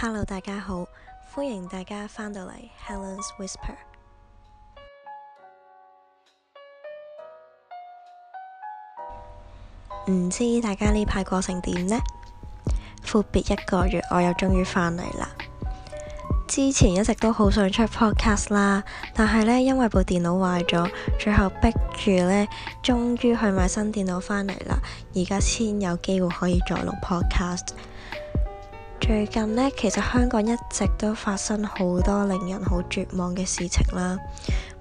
Hello，大家好，歡迎大家翻到嚟 Helen's Whisper。唔知大家呢排過成點呢？闊別一個月，我又終於翻嚟啦。之前一直都好想出 podcast 啦，但係呢，因為部電腦壞咗，最後逼住呢，終於去買新電腦翻嚟啦。而家先有機會可以再錄 podcast。最近呢，其實香港一直都發生好多令人好絕望嘅事情啦。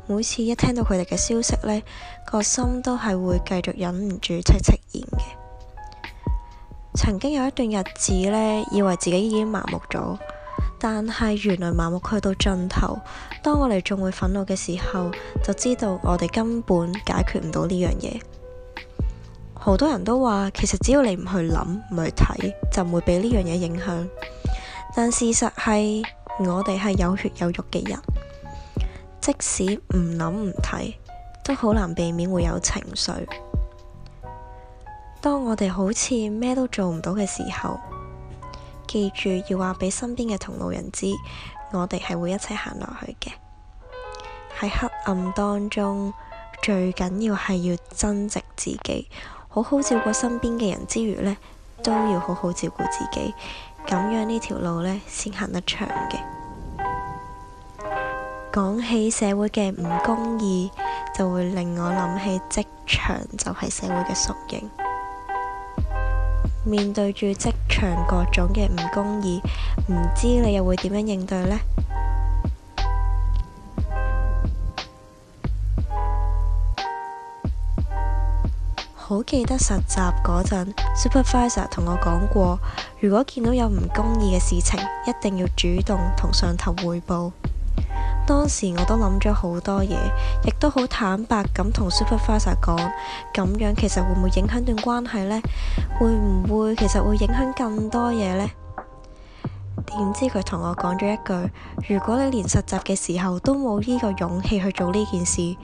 每次一聽到佢哋嘅消息呢，個心都係會繼續忍唔住戚戚然嘅。曾經有一段日子呢，以為自己已經麻木咗，但係原來麻木去到盡頭，當我哋仲會憤怒嘅時候，就知道我哋根本解決唔到呢樣嘢。好多人都話，其實只要你唔去諗唔去睇，就唔會俾呢樣嘢影響。但事實係，我哋係有血有肉嘅人，即使唔諗唔睇，都好難避免會有情緒。當我哋好似咩都做唔到嘅時候，記住要話俾身邊嘅同路人知，我哋係會一齊行落去嘅。喺黑暗當中，最緊要係要增值自己。好好照顧身邊嘅人之餘呢，都要好好照顧自己，咁樣呢條路呢，先行得長嘅。講起社會嘅唔公義，就會令我諗起職場就係社會嘅縮影。面對住職場各種嘅唔公義，唔知你又會點樣應對呢？好記得實習嗰陣，Supervisor 同我講過，如果見到有唔公義嘅事情，一定要主動同上頭匯報。當時我都諗咗好多嘢，亦都好坦白咁同 Supervisor 講，咁樣其實會唔會影響段關係呢？會唔會其實會影響更多嘢呢？」點知佢同我講咗一句：如果你連實習嘅時候都冇呢個勇氣去做呢件事，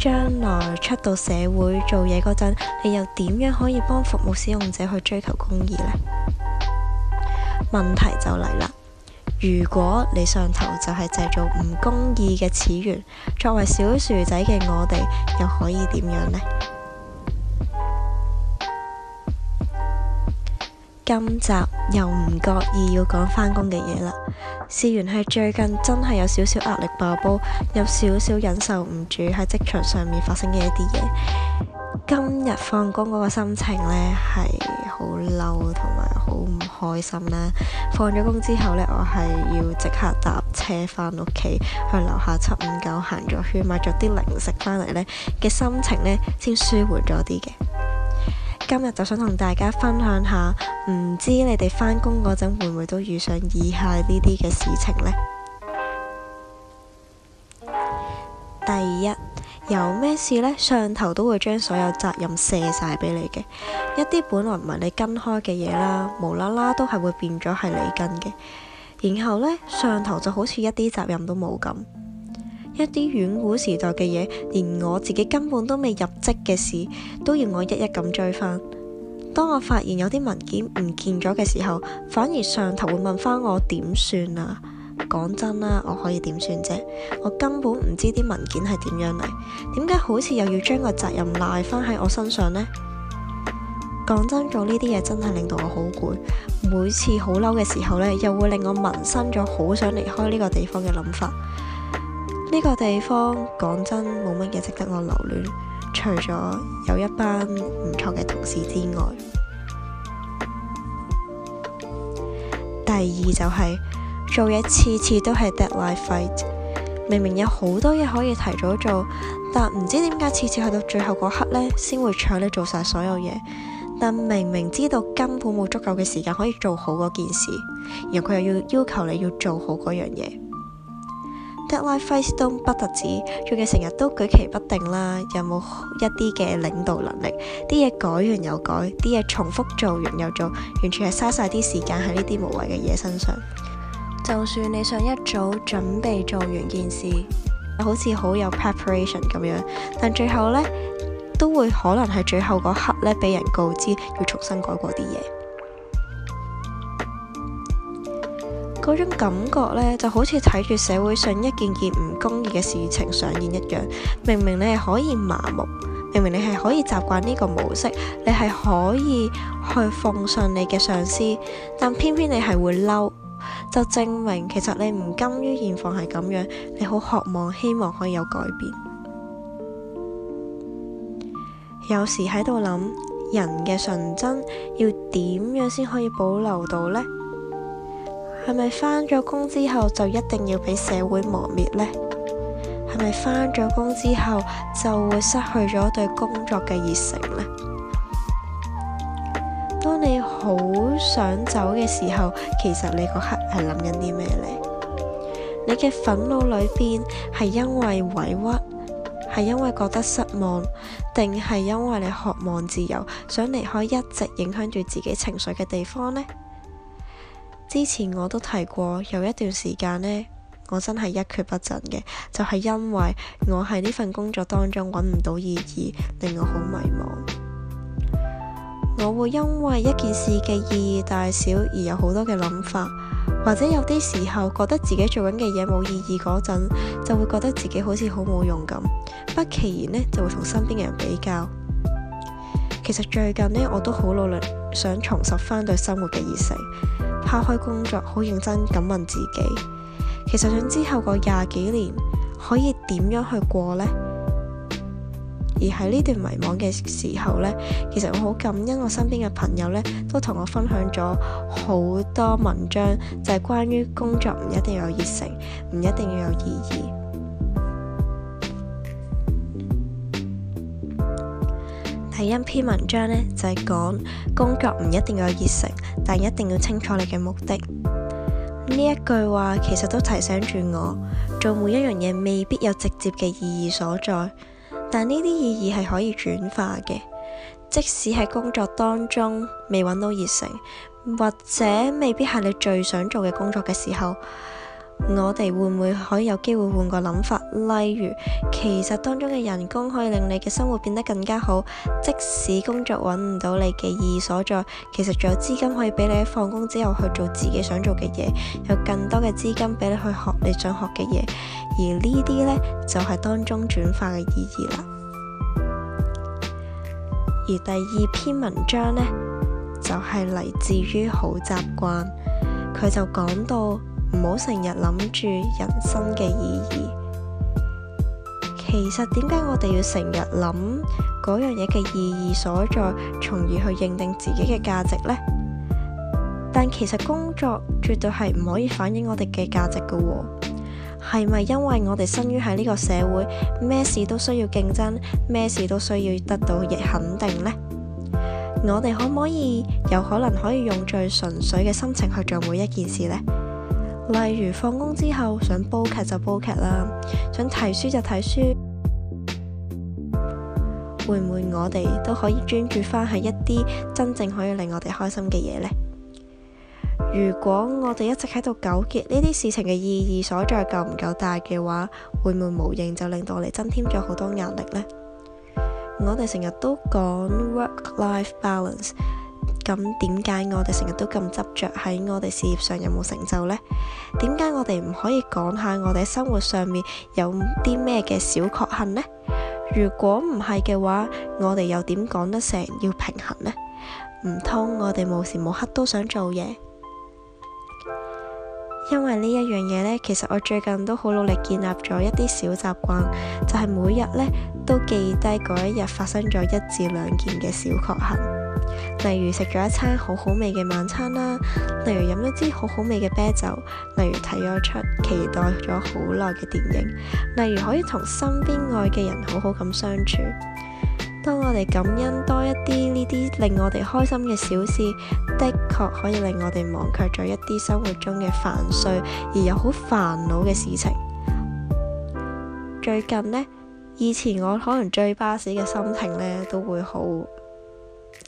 將來出到社會做嘢嗰陣，你又點樣可以幫服務使用者去追求公義呢？問題就嚟啦！如果你上頭就係製造唔公義嘅始源，作為小薯仔嘅我哋又可以點樣呢？」今集又唔覺意要講返工嘅嘢啦。事源係最近真係有少少壓力爆煲，有少少忍受唔住喺職場上面發生嘅一啲嘢。今日放工嗰個心情呢，係好嬲同埋好唔開心啦。放咗工之後呢，我係要即刻搭車返屋企，去樓下七五九行咗圈，買咗啲零食返嚟呢，嘅心情呢，先舒緩咗啲嘅。今日就想同大家分享下，唔知你哋返工嗰陣會唔會都遇上以下呢啲嘅事情呢？第一，有咩事呢？上頭都會將所有責任卸晒俾你嘅，一啲本來唔係你跟開嘅嘢啦，無啦啦都係會變咗係你跟嘅，然後呢，上頭就好似一啲責任都冇咁。一啲遠古時代嘅嘢，連我自己根本都未入職嘅事，都要我一一咁追返。當我發現有啲文件唔見咗嘅時候，反而上頭會問返我點算啊？講真啦，我可以點算啫？我根本唔知啲文件係點樣嚟，點解好似又要將個責任賴返喺我身上呢？講真，做呢啲嘢真係令到我好攰。每次好嬲嘅時候呢，又會令我萌生咗好想離開呢個地方嘅諗法。呢個地方講真冇乜嘢值得我留戀，除咗有一班唔錯嘅同事之外，第二就係做嘢次次都係 deadline fight，明明有好多嘢可以提早做，但唔知點解次次去到最後嗰刻呢，先會搶你做晒所有嘢，但明明知道根本冇足夠嘅時間可以做好嗰件事，然後佢又要要求你要做好嗰樣嘢。deadline first done 不特止，仲係成日都舉棋不定啦，有冇一啲嘅領導能力？啲嘢改完又改，啲嘢重複做完又做，完全係嘥晒啲時間喺呢啲無謂嘅嘢身上。 就算你想一早準備做完件事，好似好有 preparation 咁樣，但最後呢，都會可能係最後嗰刻呢，俾人告知要重新改過啲嘢。嗰種感覺呢，就好似睇住社會上一件件唔公義嘅事情上演一樣。明明你係可以麻木，明明你係可以習慣呢個模式，你係可以去奉順你嘅上司，但偏偏你係會嬲，就證明其實你唔甘於現況係咁樣，你好渴望希望可以有改變。有時喺度諗，人嘅純真要點樣先可以保留到呢？係咪返咗工之後就一定要俾社會磨滅呢？係咪返咗工之後就會失去咗對工作嘅熱誠呢？當你好想走嘅時候，其實你嗰刻係諗緊啲咩呢？你嘅憤怒裏邊係因為委屈，係因為覺得失望，定係因為你渴望自由，想離開一直影響住自己情緒嘅地方呢？之前我都提過，有一段時間呢，我真係一蹶不振嘅，就係因為我喺呢份工作當中揾唔到意義，令我好迷茫。我會因為一件事嘅意義大小而有好多嘅諗法，或者有啲時候覺得自己做緊嘅嘢冇意義嗰陣，就會覺得自己好似好冇用咁。不其然呢，就會同身邊嘅人比較。其實最近呢，我都好努力想重拾翻對生活嘅熱誠。拋開工作，好認真咁問自己，其實想之後嗰廿幾年可以點樣去過呢？而喺呢段迷茫嘅時候呢，其實我好感恩我身邊嘅朋友呢，都同我分享咗好多文章，就係、是、關於工作唔一定要有熱誠，唔一定要有意義。一篇文章呢，就係講工作唔一定要有熱誠，但一定要清楚你嘅目的。呢一句話其實都提醒住我，做每一樣嘢未必有直接嘅意義所在，但呢啲意義係可以轉化嘅。即使喺工作當中未揾到熱誠，或者未必係你最想做嘅工作嘅時候。我哋會唔會可以有機會換個諗法？例如，其實當中嘅人工可以令你嘅生活變得更加好，即使工作搵唔到你嘅意義所在，其實仲有資金可以俾你喺放工之後去做自己想做嘅嘢，有更多嘅資金俾你去學你想學嘅嘢，而呢啲呢，就係當中轉化嘅意義啦。而第二篇文章呢，就係嚟自於好習慣，佢就講到。唔好成日諗住人生嘅意義，其實點解我哋要成日諗嗰樣嘢嘅意義所在，從而去認定自己嘅價值呢？但其實工作絕對係唔可以反映我哋嘅價值㗎喎、哦，係咪因為我哋生於喺呢個社會，咩事都需要競爭，咩事都需要得到亦肯定呢？我哋可唔可以有可能可以用最純粹嘅心情去做每一件事呢？例如放工之後想煲劇就煲劇啦，想睇書就睇書。會唔會我哋都可以專注翻喺一啲真正可以令我哋開心嘅嘢呢？如果我哋一直喺度糾結呢啲事情嘅意義所在夠唔夠大嘅話，會唔會無形就令到我哋增添咗好多壓力呢？我哋成日都講 work-life balance。Life 咁點解我哋成日都咁執着喺我哋事業上有冇成就呢？點解我哋唔可以講下我哋生活上面有啲咩嘅小確幸呢？如果唔係嘅話，我哋又點講得成要平衡呢？唔通我哋無時無刻都想做嘢？因為呢一樣嘢呢，其實我最近都好努力建立咗一啲小習慣，就係、是、每日呢都記低嗰一日發生咗一至兩件嘅小確幸。例如食咗一餐好好味嘅晚餐啦，例如飲一支好好味嘅啤酒，例如睇咗出期待咗好耐嘅電影，例如可以同身邊愛嘅人好好咁相處。當我哋感恩多一啲呢啲令我哋開心嘅小事，的確可以令我哋忘卻咗一啲生活中嘅煩碎而又好煩惱嘅事情。最近呢，以前我可能追巴士嘅心情呢，都會好。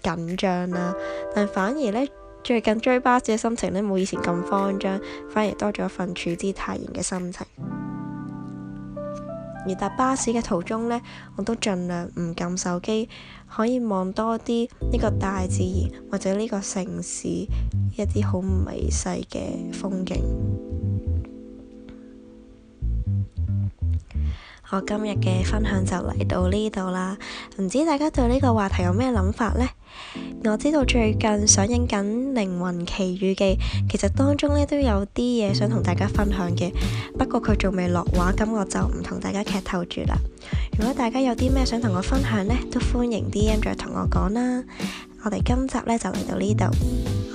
緊張啦，但反而呢，最近追巴士嘅心情呢，冇以前咁慌張，反而多咗份處之泰然嘅心情。而搭巴士嘅途中呢，我都盡量唔撳手機，可以望多啲呢個大自然或者呢個城市一啲好微細嘅風景。我今日嘅分享就嚟到呢度啦，唔知大家對呢個話題有咩諗法呢？我知道最近上映緊《靈魂奇遇記》，其實當中咧都有啲嘢想同大家分享嘅，不過佢仲未落畫，咁我就唔同大家劇透住啦。如果大家有啲咩想同我分享呢，都歡迎 DM 住同我講啦。我哋今集呢就嚟到呢度，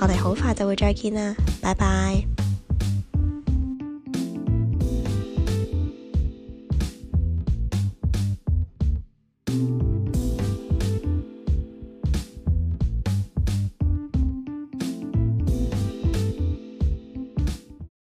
我哋好快就會再見啦，拜拜。